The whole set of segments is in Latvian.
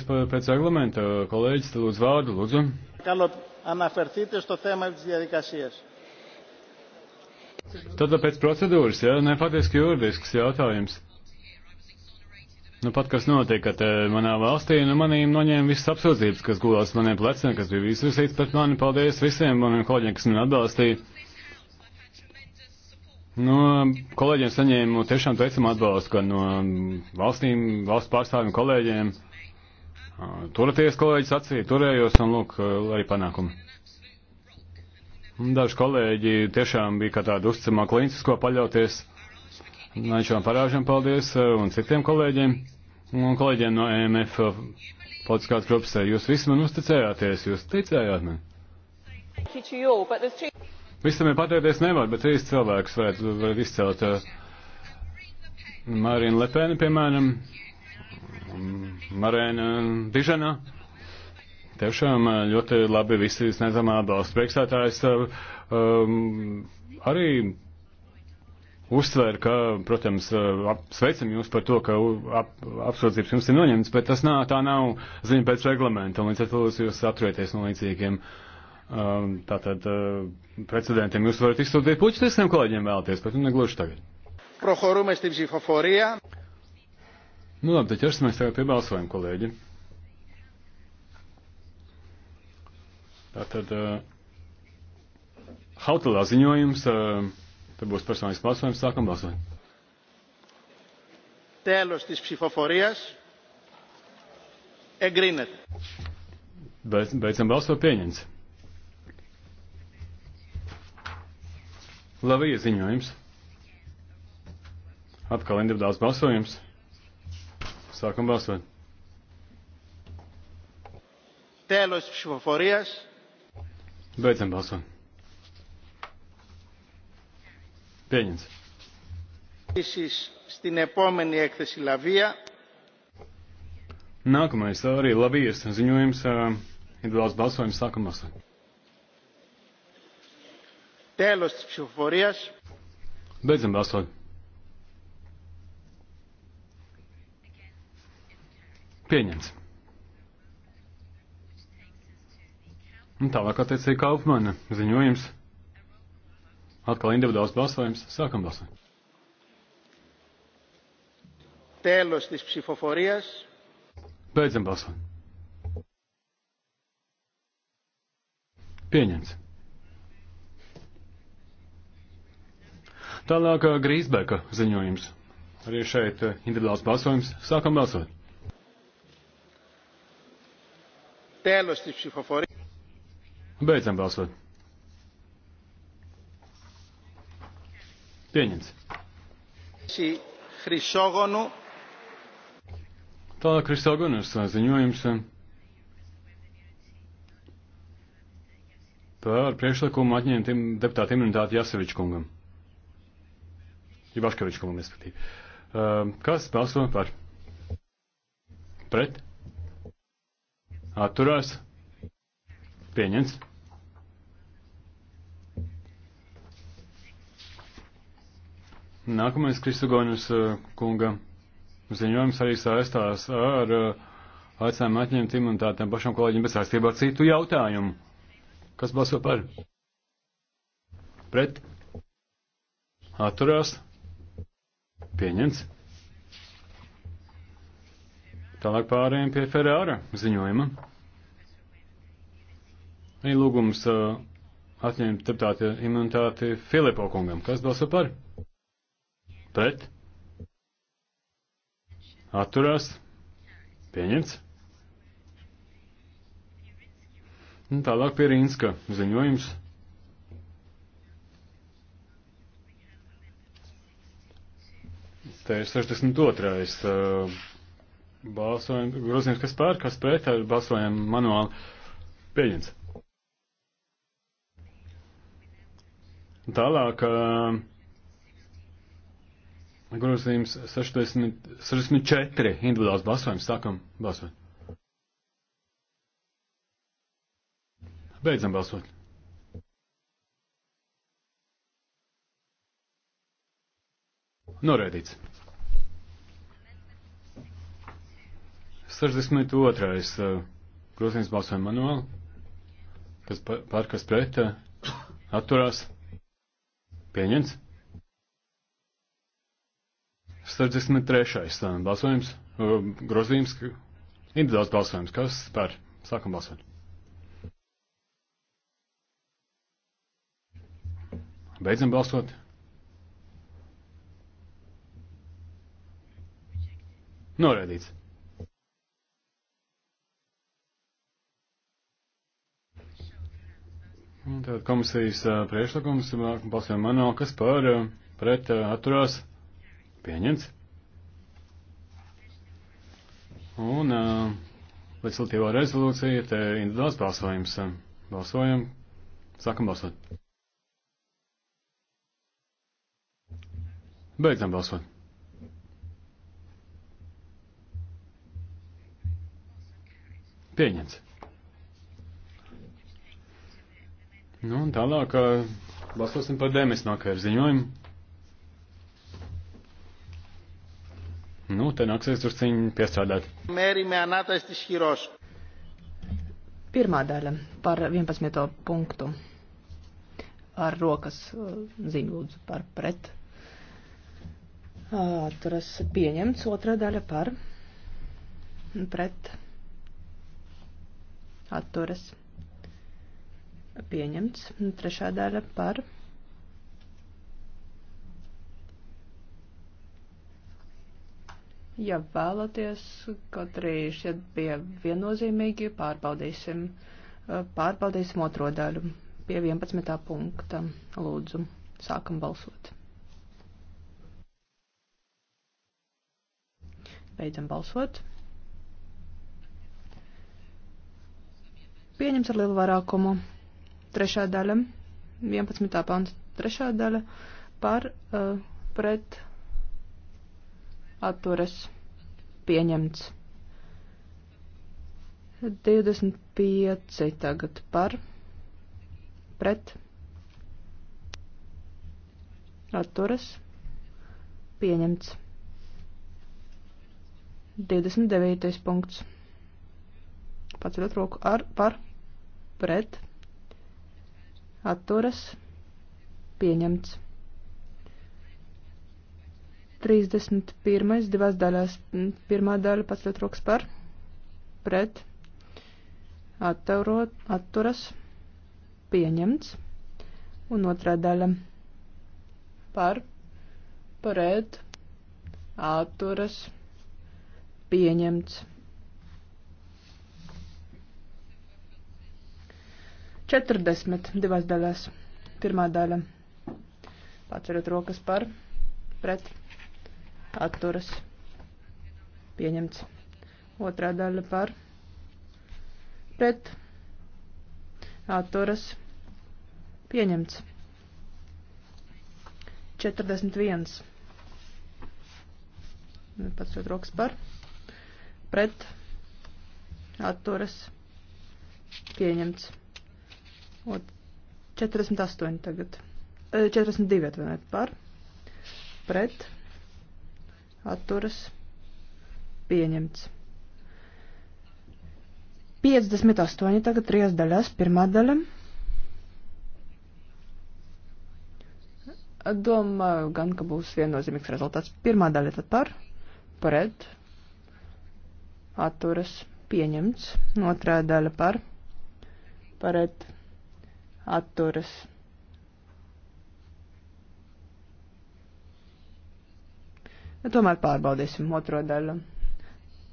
Es pēc reglamenta, kolēģis, te lūdzu vārdu, lūdzu. Καλό, αναφερθείτε στο θέμα της διαδικασίας. Tad pēc procedūras, jā, ja? ne patiesi juridisks jautājums. Nu, pat kas notika, ka manā valstī nu, manīm noņēma visas apsūdzības, kas gulās maniem pleciem, kas bija izvirzīts pret mani. Paldies visiem maniem kolēģiem, kas mani atbalstīja. No nu, kolēģiem saņēmu tiešām teicamu atbalstu, gan no valstīm, valsts pārstāvjiem, kolēģiem. Turieties, kolēģis, acī, turējos un lūk, arī panākumi. Daži kolēģi tiešām bija kā tāda uzticamā kliņķis, ko paļauties. Nāčām parāžam paldies un citiem kolēģiem un kolēģiem no EMF politiskās grupas. Jūs visi man uzticējāties, jūs ticējāt man. Visam ir pateikties nevar, bet trīs cilvēkus varētu var izcelt. Marina Lepēna, piemēram, Marēna Dižana. Tiešām eh, ļoti labi visi sniedzamā atbalsta priekšstādājs eh, um, arī uzsver, ka, protams, eh, ap, sveicam jūs par to, ka ap, apsūdzības jums ir noņemts, bet tas nav, tā nav ziņa pēc reglamenta, līdz ar to jūs atturieties no līdzīgiem. Um, tātad uh, precedentiem jūs varat izsūtīt puķu tiesniem kolēģiem vēlaties, bet nu negluži tagad. Προχωρούμε στην ψηφοφορία. Nu labi, tad ķersimies tagad pie balsojuma, kolēģi. Tātad uh, eh, hautelā ziņojums, uh, eh, tad būs personīgs balsojums, sākam balsot. Tēlos tis psihoforijas. Egrinet. Beidz, beidzam balsot pieņemts. Lavija ziņojums. Atkal individuāls balsojums. Sākam balsot. Tēlos psihoforijas. Beidzam balsot. Pieņems. Επίσης στην επόμενη έκθεση Λαβία. Nākamais arī Lavijas ziņojums ir daudz balsojums sākumā. Tēlos psihoforijas. Beidzam balsot. Pieņemts. Un tālāk attiecīgi Kaufmana ziņojums. Atkal individuāls balsojums. Sākam balsot. Tēlos tis psihoforijas. Beidzam balsot. Pieņemts. Tālāk uh, Grīsbeka ziņojums. Arī šeit uh, individuāls balsojums. Sākam balsot. Τέλος της ψηφοφορίας. Beidzam balsot. Pieņemts. Χρυσόγονου. Tālāk Χρυσόγονος ziņojums eh, par priekšlikumu atņemt deputātu imunitāti Jaseviča kungam. Ivaškeviča kungam, respektīvi. Eh, kas balso par? Pret? Atturās. Pieņems. Nākamais Kristogonis uh, kunga ziņojums arī saistās ar uh, aicinājumu atņemt imunitātiem pašam kolēģim, bet saistībā ar citu jautājumu. Kas balso par? Pret? Atturās? Pieņems? Tālāk pārējiem pie Ferrara ziņojuma. Ir lūgums uh, atņemt deputāta imunitāti Filipo kungam. Kas balso par? Pret? Atturās? Pieņemts? Un tālāk pie Rīnska ziņojums. Te ir 62. Uh, Balsojam, grozījums, kas pār, kas pret, balsojam manuāli. Pieņems. Tālāk, grozījums 60, 64, individuāls balsojums, sākam balsot. Beidzam balsot. Noraidīts. 62. Eh, grozījums balsojam manuāli, kas par, kas pret, eh, atturās, pieņems. 63. Eh, balsojums, grozījums, individuāls balsojums, kas par, sākam balsot. Beidzam balsot. Noraidīts. Tātad komisijas priekšlikums balsojam manuāli, kas par pret atturās pieņemts. Un legislatīvā rezolūcija, te individuāls balsojums. Balsojam, sākam balsot. Beidzam balsot. Pieņemts. Nu, un tālāk balsosim par Dēmis nākajā ziņojumu. Nu, te nāksies tur ciņu piestrādāt. Mēri mē anātais hiros. Pirmā daļa par 11. punktu. Ar rokas ziņu lūdzu par pret. Atturas pieņemts otrā daļa par pret. Atturas pieņemts. Trešā daļa par Ja vēlaties, kaut arī šeit bija viennozīmīgi, pārbaudīsim, pārbaudīsim otro daļu pie 11. punkta. Lūdzu, sākam balsot. Beidzam balsot. Pieņems ar lielu vairākumu. Trešā daļa, 11. panta trešā daļa par uh, pret atturas pieņemts. 25 tagad par pret atturas pieņemts. 29. punkts. Paceļot roku ar par pret atturas atturas, pieņemts. 31. divās daļās, mm, pirmā daļa pacelt rokas par, pret, atturot, atturas, pieņemts, un otrā daļa par, pret, atturas, pieņemts. 40 divās daļās. Pirmā daļa. Pacerat rokas par, pret, atturas. Pieņemts. Otrā daļa par, pret, atturas. Pieņemts. 41. Pacerat rokas par, pret, atturas. Pieņemts. Un 48 tagad. 42 e, atvainojiet par. Pret. Atturas. Pieņemts. 58 tagad trīs daļās. Pirmā daļa. Domāju gan, ka būs viennozīmīgs rezultāts. Pirmā daļa tad par. Pret. Atturas. Pieņemts. Otrā daļa par. Pret atturas. Ja tomēr pārbaudīsim otro daļu.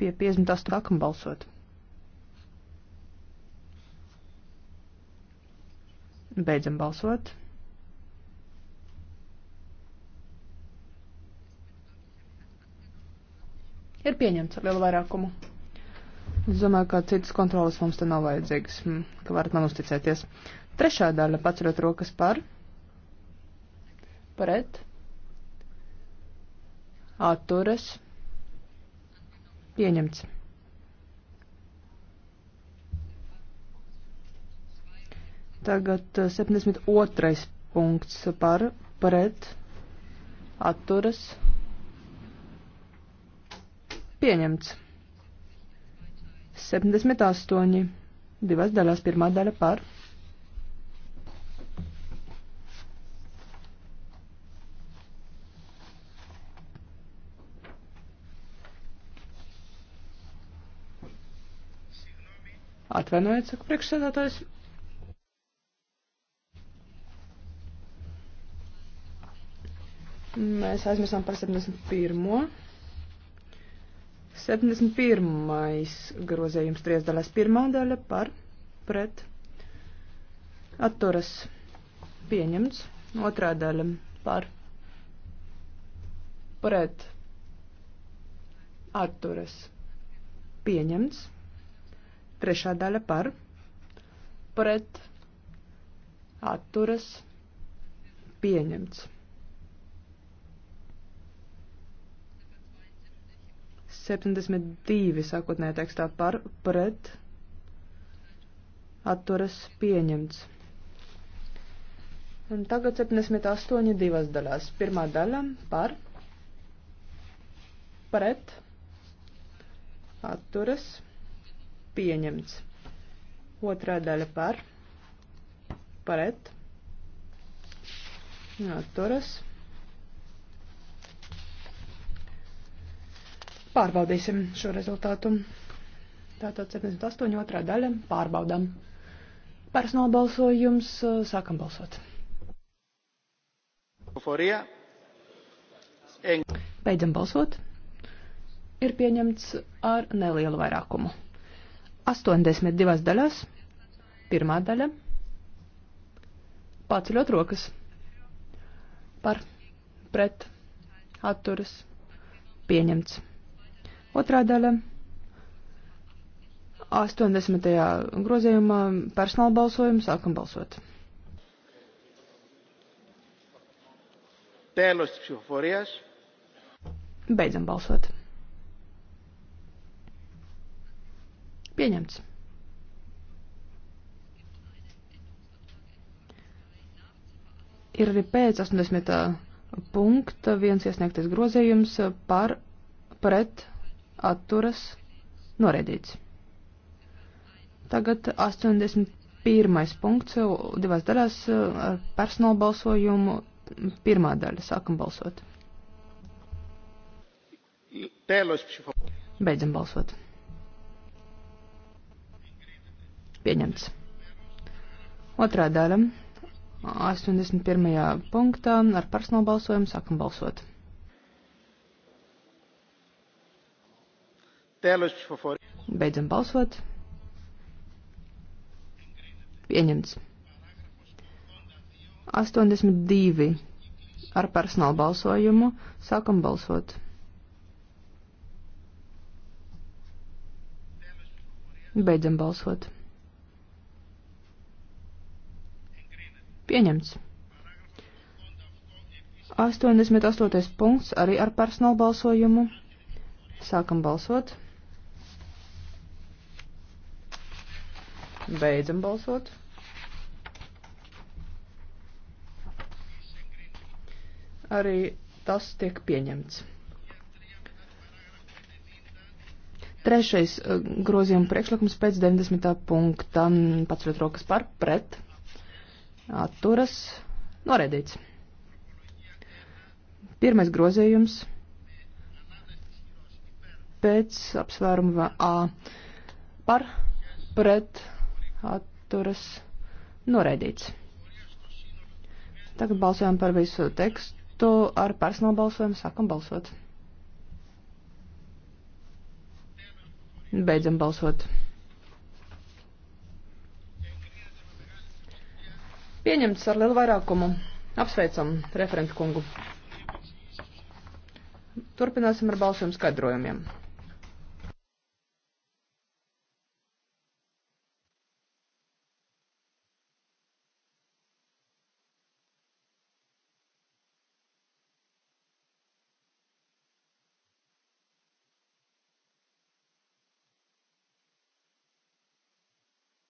Pie 58 sākam balsot. Beidzam balsot. Ir pieņemts ar lielu vairākumu. Es domāju, ka citas kontrolas mums te nav vajadzīgas, hm, ka varat man uzticēties. Trešā daļa paturot rokas par, pret, atturas, pieņemts. Tagad 72. Eh, punkts par, pret, atturas, pieņemts. 78. Divas daļās, pirmā daļa par, pret Atvainojiet, saka priekšsēdētājs. Mēs aizmirsām par 71. 71. grozējums trīs daļās. Pirmā daļa par pret atturas pieņemts. Otrā daļa par pret atturas pieņemts. Trešā daļa par pret atturas pieņemts. Septiņdesmit divi sākotnējā tekstā par pret atturas pieņemts. Un tagad 78 divas daļās. Pirmā daļa par, pret, atturas, pieņemts. Otrā daļa par, paret, atturas. Pārbaudīsim šo rezultātu. Tātad 78. otrā daļa pārbaudām. Personāla balsojums, sākam balsot. Beidzam balsot. Ir pieņemts ar nelielu vairākumu. 82 daļās. Pirmā daļa. Paceļot rokas. Par, pret, atturas, pieņemts. Otrā daļa. 80. grozījumā personāla balsojumu sākam balsot. Tēlos psihoforijas. Beidzam balsot. Pieņemts. Ir arī pēc 80. punkta viens iesniegtais grozījums par pret atturas noraidīts. Tagad 81. punkts divās daļās ar personāla balsojumu. Pirmā daļa sākam balsot. Beidzam balsot. Pieņemts. Otrā daļa. 81. punktā ar personālu balsojumu sākam balsot. Beidzam balsot. Pieņemts. 82 ar personālu balsojumu sākam balsot. Beidzam balsot. Pieņemts. 88. punkts arī ar personālu balsojumu. Sākam balsot. Beidzam balsot. Arī tas tiek pieņemts. Trešais eh, grozījuma priekšlikums pēc 90. punkta. Pats rokas par pret atturas noraidīts. Pirmais grozījums pēc apsvēruma A par pret atturas noraidīts. Tagad balsojam par visu tekstu ar personālu balsojumu. Sākam balsot. Beidzam balsot. Pieņemts ar lielu vairākumu. Apsveicam referentu kungu. Turpināsim ar balsojumu skaidrojumiem.